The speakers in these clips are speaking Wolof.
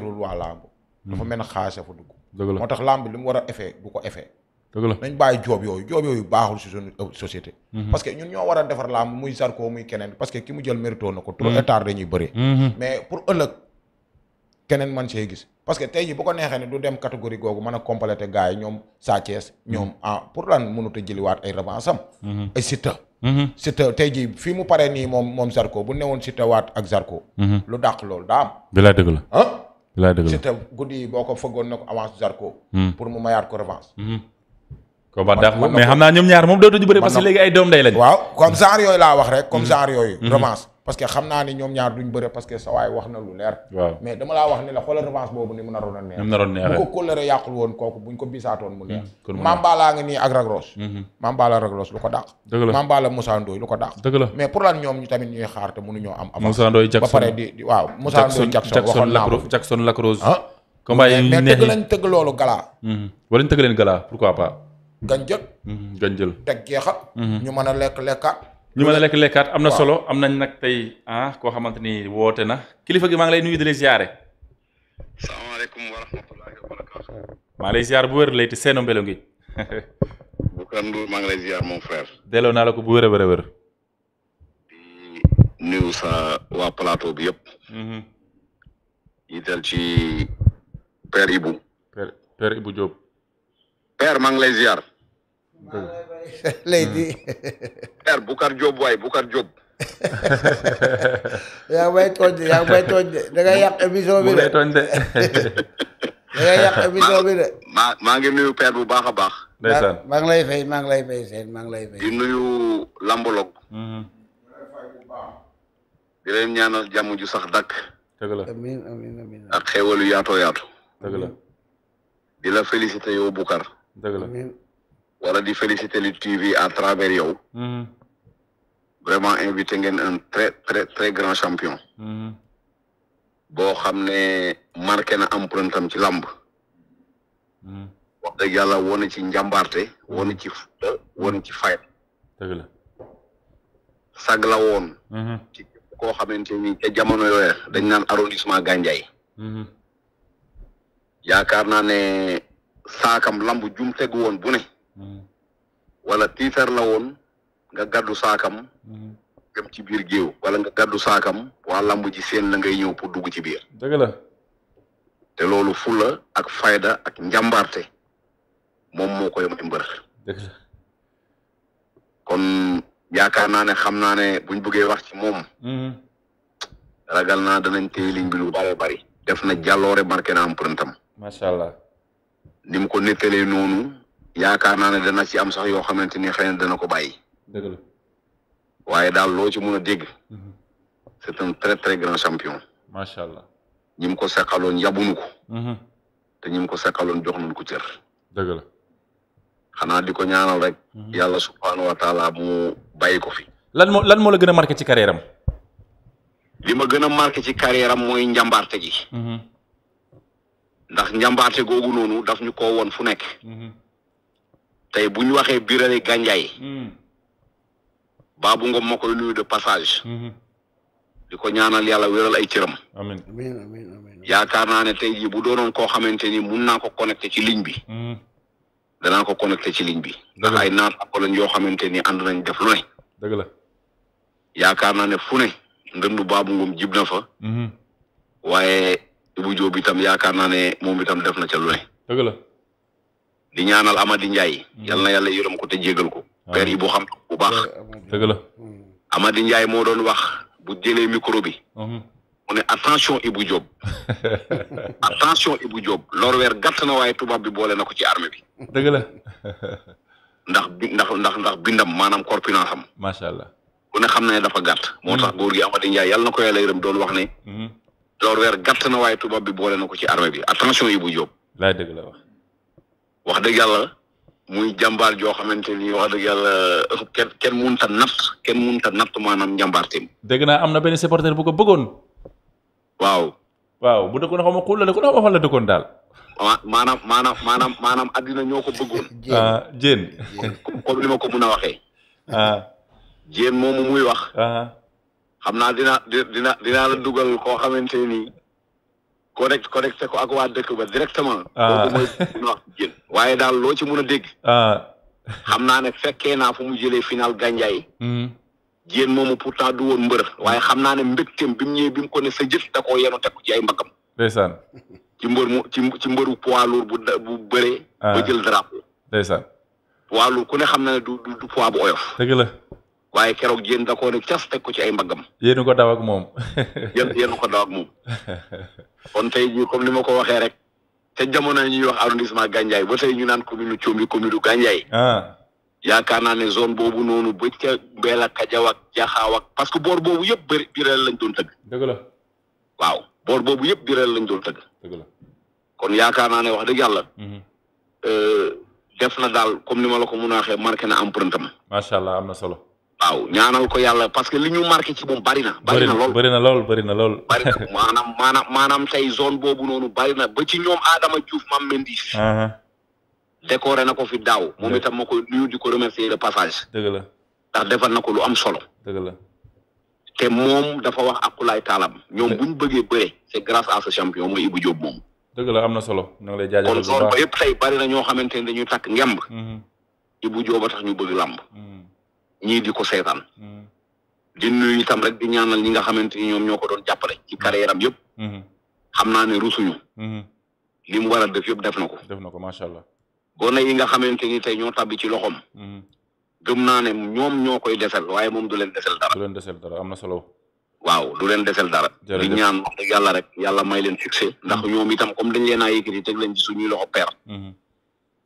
rul waa làmb dafa hmm. mel ne xaasa fa dugg dëgg la moo tax làmb li mu war a effet du ko effet dëgg la nañ bàyyi joob yooyu joob yooyu baaxul si suñu euh, hmm. que ñun ñoo war a defar làmb muy Zarko muy keneen parce que ki mu jël mérito na ko trop état hmm. dañuy bëree mais pour ëllëg keneen man see gis parce que tey jii bu ko neexee ne du dem catégorie googu mën a complété gars yi ñoom Sa ñoom ah pour lan mënut a jëliwaat ay revanche am ay Siteu Siteu tey jii fii mu paree nii moom moom Zarko bu newoon Siteu waat ak Zarko lu dàq loolu daa am bi laa dëgg la ah? bilaay dëgg la Siteu guddi boo ko fëggoon na ko avance Zarko. Hmm. pour mu mayaat ko revanche. Hmm. combat daax mais xam naa ñoom ñaar moom dootuñu bëri parce que léegi ay doom day lañ. waaw comme hmm. genre yooyu laa wax rek. comme genre yooyu. revanche parce que xam naa ni ñoom ñaar duñ bëre parce que sa wax na lu leer. waaw mais dama laa wax ni la xoolal revanche boobu ni mu a neex. a neex bu ko kóllëre yàqul woon kooku buñ ko bisaatoon mu neex. Hmm, kon mu Mambala nii ak Ragros. Hmm. Mambala Ragros lu ko dàq. dëgg la Mambala lu ko dàq. dëgg la mais pour lan ñoom ñu tamit ñuy xaar te mënuñoo am. avance ba pare di waaw Moussa Jackson waxoon naa Jackson Lacrosse. ah combat yi neex mais tëgg lañ tëgg loolu ñu ma la lekk lekkaat am na solo am nañ nag tey ah koo xamante ni woote na kilifa gi maa ngi lay nuyu di lay ziare. salaamaaleykum wa rahmatullahi lay ziar bu wér lay te seeno mbelo ngi. Boucar maa ngi lay ziar mon frère. delloo naa la ko bu wér a wér a wér. di nuyu sa waa plateau bi yëpp. yitteel mhm. ci Père Ibou. Père Père Ibou Diop. maa ngi lay ziar. Leydi. père Boucar Diop waay Boucar Diop. yaa may tooñ de yaa may tooñ de da ngay yàq bi de. bu may maa ngi nuyu père bu baax a baax. maa ngi lay fay maa ngi lay fay seen maa ngi lay fay. di nuyu Lambolog. Mm-hmm. di leen ñaanal jàmm ju sax dakk dëgg ak xéwal yu yaatoo yaatu. dëgg la. yow Boucar. dëgg la. wala di féliciter Lutte TV à travers yow. Mm-hmm. invité ngeen un très grand champion. Mm-hmm. boo xam ne marqué na empreinte ci làmb. Mm-hmm. wax dëgg yàlla woon na ci njàmbaarte woon na ci fulla woon na ci fayda. dëgg la. sag la woon. ci koo xamante ni dañ naan arrondissement Gandiaye. yaakaar naa ne saakam lamb jum tegu woon Hmm. wala tiitar la woon nga gàddu saakam jëm hmm. ci biir géew wala nga gàddu saakam waa lamb ji seen la ngay ñëw pour dugg ci biir te loolu fula ak fayda ak njàmbaarte moom moo koy may mbër kon yaakaar naa ne xam naa ne buñ bëggee wax ci moom hmm. ragal naa danañ téye liñ bi lu bare bari def na jàlloore marqué na am printam macha allah ni mu noonu yaakaar naa ne dana ci am sax yoo xamante ni xëy na dana ko bàyyi. dëgg la waaye daal loo ci mën a dégg. Mhm. c'est un très très grand champion. macha allah ñi ko seqaloon yabunu ko. Mhm. te ñi ko seqaloon jox nañ ko cër. dëgg xanaa di ko ñaanal rek. Mhm. yàlla subhaanahu wa mu bàyyi ko fi. lan moo lan moo la gën a marqué ci carrière am. li ma gën a marqué ci carrière am mooy njàmbaarte gi. ndax njàmbaarte googu noonu daf ñu ko woon fu nekk. tey bu ñu waxee Burel Gandiaye hmm. Babou Ngom moo koy nuyu de passage hmm. di ko ñaanal yàlla wéral ay cëram amiin amiin yaakaar naa ne tey jii bu doonoon koo xamante ni mun naa ko connecté ci ligne bi hmm. danaa ko connecté ci ligne bi ndax ay naataango lañ xamante ni ànd nañ def lu ne dëgg la yaakaar naa ne fu ne ndëndu Babou Ngom jib na fa waaye bu jóob itam yaakaar naa ne moom itam def na di ñaanal Amady Ndiaye. Mm. yal na yàlla yërëm ko te jégal ko. père yi bu xam bu baax. dëgg la. Amady Ndiaye moo doon wax bu jëlee micro bi. Mm-hmm. mu ne attention Ibou Diop attention Ibou Diop lor weer gàtt na waaye tubaab bi boole na ko ci armée bi. dëgg la. ndax bi ndax ndax ndax bindam maanaam corpulence am. macha allah ku ne xam na ne dafa gàtt. moo tax mm. góor gi Amady Ndiaye yal na ko yàlla yërëm doon wax ne. Mm-hmm. lor weer gàtt na waaye tubaab bi boole na ko ci armée bi attention Ibou Diop. wax dëgg yàlla muy jàmbaar joo xamante ni wax dëgg yàlla kenn kenn mënut a natt kenn mënut a natt maanaam jàmbaarteem. dégg naa am na benn supporter bu ko bëggoon. waaw. waaw bu dëkkoon xaw ma xul la dëkkoon xaw daal. maanaam maanaam maanaam maanaam addina ñoo ko bëggoon. ah jéen. comme ma ko mën a waxe ah. jéen muy wax. Ah. xam naa dina dina dinaa la dugal koo xamante ni. correct correcté ko ak waa dëkk ba directement. Ah. kooku waaye daal loo ci mën a dégg. Ah. xam naa ne fekkee naa fu mu jëlee final gànjaay. Hmm. jën moomu pourtant du woon mbër. waaye xam naa ne mbégteem bi mu ñëwee bi ko ne sa jël da koo yenu teg ci ay mbagam. ndeysaan. ci mbër mu ci ci mbëru poids lourd bu bu bëree. Ah. ba jël drapeau. ndeysaan. poids lourd ku ne xam na ne du du bu oyof. dëgg la. waaye keroog jéen da koo ne cas teg ko ci ay mbaggam. yéen ko daw moom. yéen ko daw kon tey jii comme ni ma ko waxee rek. te jamono yi ñuy wax arrondissement Gandiaye ba tey ñu naan commune Thiomi commune du Gandiaye. Ah. yaakaar naa ne zone boobu noonu ba ca Mbéla Kajaw ak Jaxaaw ak parce que boor boobu yëpp bëri lañ doon tëgg. dëgg la. waaw boor boobu yëpp biral lañ doon tëgg. dëgg la kon yaakaar naa ne wax dëgg yàlla. Mhm. Euh, def na daal comme ni ma la ko mën a waxee na empreinte am. macha allah am na solo. waaw ñaanal ko yàlla parce que li ñu marqué ci moom bari na. bari na lool bari na lool bari na lool. bari na maanaam maanaam maanaam tey zone boobu noonu bari na ba ci ñoom Adama Diouf Mame Mendy. Uh-huh. décoré na ko fi daaw. moom itam ma ko nuyu di ko remercier le passage. dëgg la ndax defal na ko lu am solo. dëgg la te moom dafa wax akulaay taalam. ñoom bu ñu bëggee bëre c' est grâce à ce champion mooy Ibou Diop moom. dëgg am na solo ñu lay jaajëfal bu yëpp tey bari na ñoo xamante ne dañuy takk ngemb. Mm-hmm. Ibou tax ñu bëgg ñii di ko seetaan. di nuyu rek di ñaanal ñi nga xamante ni ñoom ñoo ko doon jàppale ci carrière am yëpp. xam naa ne rusuñu. li mu war a def yëpp def na ko. def na ko macha allah. gone yi nga xamante ni tey ñoo tabbi ci loxoom. Hmm. gëm naa ne ñoom ñoo koy desel waaye moom du leen desel dara. du leen desel dara am solo. waaw du leen desel dara. di ñaan wax dëgg yàlla rek yàlla may leen succès. ndax hmm. ñoom itam comme dañ leen a yëkkati teg leen ci suñuy loxo peer.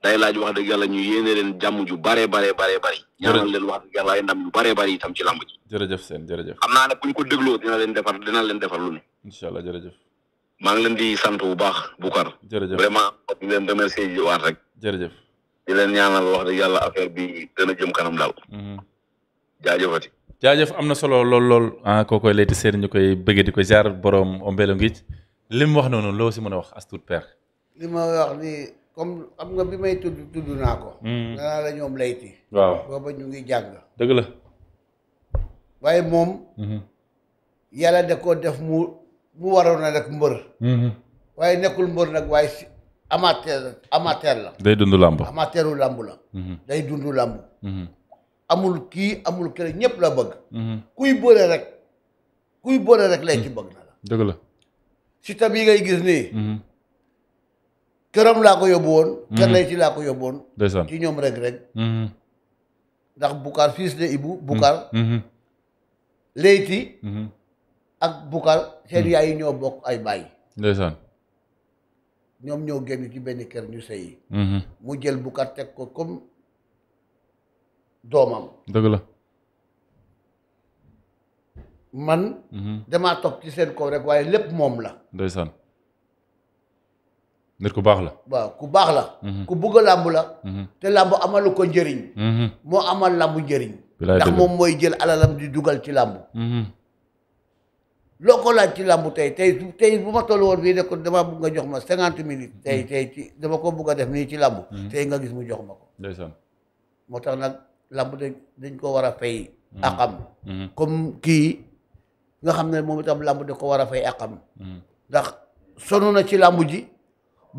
day laaj wax dëgg yàlla ñu yéene leen jàmm ju bare bare bare bëri ñaanal leen wax dëgg yàlla ay ndam yu bare bëri itam ci làmb ji jërëjëf seen jërëjëf xam naa ne bu ñu ko dégloo dina leen defar dina leen defar lu ne incha allah jërëjëf maa ngi leen di sant bu baax Boucar jërëjëf vraiment di leen remercier ji waat rek jërëjëf di leen ñaanal wax dëgg yàlla affaire bi gën a jëm kanam daal mhm. jaajëf am na solo lool lool ah kookoy layti seen ñu koy bëgge di ko jaar borom ombelo ngic li mu wax noonu loo si mën a wax as tuut comme am nga bi may tudd tudd naa ko. Hmm. danaa la ñoom layti. waaw booba ñu ngi jàng. dëgg la. waaye moom. Hmm. yàlla de koo def mu mu waroon na rek mbër. Hmm. waaye nekkul mbër nag waaye si amateur amateur la. day dund làmb. la. day dund làmb. amul kii amul kële ñëpp la bëgg. kuy bëre rek kuy bëre rek lay ci bëgg na la. dëgg la si tam yi ngay gis nii. këram laa ko yóbbu woon. Mhm. kër lay ci laa ko yóbbu woon. ci ñoom rek rek. Mhm. ndax Boucar fils de Ibou. Boucar. Mhm. Leyti. ak Boucar seen yaay yi ñoo bokk ay baay. ndeysaan. ñoom ñoo génn ci benn kër ñu sëyi. mu jël Boucar teg ko comme doomam. dëgg la. man. damaa topp ci seen kaw rek waaye lépp moom la. ndeysaan. nit ku baax la. waaw ku baax la. Mhm. ku bugg a làmb la. Mhm. te làmb amalu ko njëriñ. Mhm. moo amal làmb njëriñ. ndax moom mooy jël alalam di dugal ci làmb. loo ko laaj ci làmb tey tey tey bu ma toll woon fii ne dama bugg nga jox ma cinquante minutes. tey tey ci ko bugg a def ci làmb. tey nga gis mu jox ma ko. ndeysaan moo tax nag làmb dañ dañ ko war a fay. akam comme kii nga xam ne moom itam làmb da ko war a fay akam ndax sonn na ci làmb ji.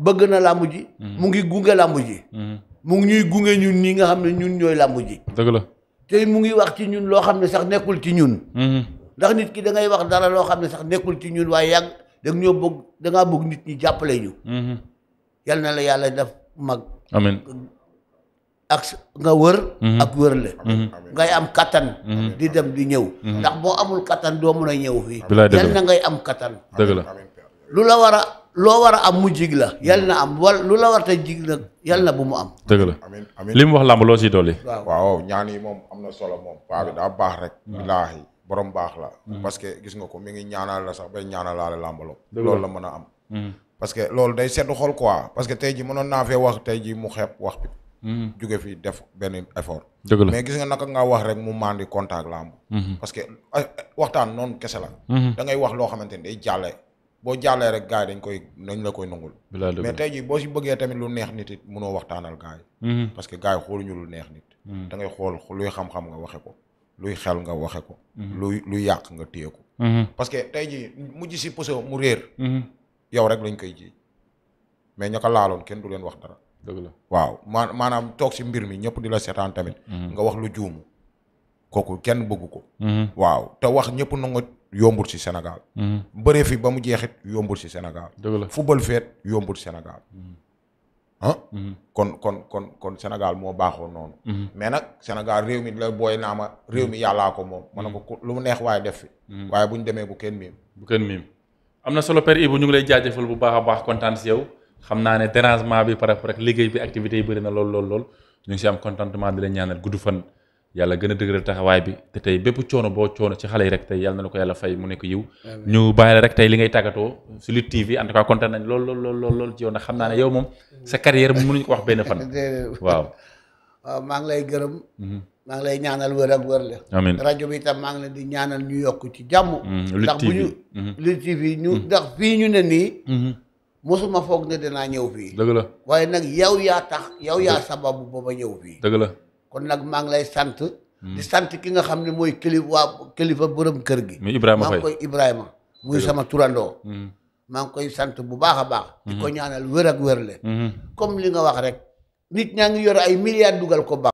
bëgg na làmb ji. Mhm. mu ngi gunge làmb ji. Mhm. mu ngi ñuy gunge ñun ñi nga xam ne ñun ñooy làmb ji. dëgg la tey mu ngi wax ci ñun loo xam ne sax nekkul ci ñun. Mhm. ndax nit ki da ngay wax dara loo xam ne sax nekkul ci ñun waaye yàgg da ñoo bëgg da bëgg nit ñi jàppale ñu. yal na la yàlla def mag. amiin ak nga wër. ak wër ngay am kattan. di dem di ñëw. ndax boo amul kattan doo mën a ñëw fii. yal na ngay am kattan. dëgg la lu la war loo war a am mu jig la yal na am lu la war te jig nag yal na bu mu am. dëgg la amiin amiin li mu wax làmb loo siy dolli. waaw ñaan yi moom am na solo moom. paa bi daa baax rek. billaahi borom baax la. Hmm. parce que gis nga ko mi ngi ñaanal la sax bay ñaanalaale làmbaloo. loolu la mën a am. Hmm. parce que loolu day sedd xol quoi parce que tey jii mënoon naa fee wax tey ji mu xep wax bi. Hmm. jóge fi def benn effort. dëgg la mais gis nga naka nga wax rek mu mandi contact làmb. parce que waxtaan noonu kese la. da loo xamante ni day jàlle. boo jàllee rek gars dañ koy dañ la koy nangul mais tey jii boo si bëggee tamit lu neex nit it mënoo waxtaanal gars yi mm-hmm. parce que gars yi lu neex nit mm-hmm. da ngay xool luy xam-xam nga waxe ko luy xel nga waxe ko mm-hmm. luy luy yàq nga téye ko parce que tey jii mujj si poso mu réer yow rek lañ koy ji mais ña laaloon kenn du leen wax dara dëgg la waaw maa maanaam toog si mbir mi ñëpp di la seetaan tamit nga wax lu juumu kooku kenn bëggu ko waaw te wax ñëpp nangu yombul si Sénégal. Mhm. bëree fi ba mu jeexit yombul si Sénégal. dëgg la football feet yombul Sénégal. Mhm. ah. Mhm. kon kon kon kon Sénégal moo baaxoo noonu. mais nag Sénégal réew mi la booy naa ma réew mi yàllaa ko moom. ma ne ko lu mu neex waaye def fi. waaye bu ñu demee bu kenn miim. bu kenn miim am na solo Père Ibou ñu ngi lay jaajëfal bu baax a baax kontaan si yow xam naa ne dérangement bi par rapport ak liggéey bi activité yi bëri na lool lool lool ñu ngi si am contentement di la fan. yàlla gën a dëgëral taxawaay bi te tey bépp coono boo coono ci xale yi rek tey yàlla na la ko yàlla fay mu nekk yiw ñu bàyyi la rek tey li ngay tàggatoo si Lutte TV en na cas kontaan nañ lool lool lool lool ci yow ndax xam naa ne yow moom sa carrière mënuñu ko wax benn fan waaw waaw maa ngi lay gërëm mhm. maa ngi lay ñaanal wër ak wër la amiin rajo bi itam maa ngi leen di ñaanal ñu yokk ci jàmm mhm, ndax bu ñu mhm. Lutte TV ñu ndax fii ñu ne nii mosuma foog ne dinaa ñëw fii dëgg la waaye nag yow yaa tax yow yaa sababu booba ñëw fii dëgg la kon nag maa ngi lay sant. Hmm. di sant ki nga xam ne mooy kilifa waa kilifa borom kër gi. muy Ibrahima Faye muy sama turandoo. Hmm. maa ngi koy sant bu baax a baax. di ko hmm. ñaanal wér ak wér comme li nga wax rek. nit ñaa ngi yor ay milliards dugal ko baax.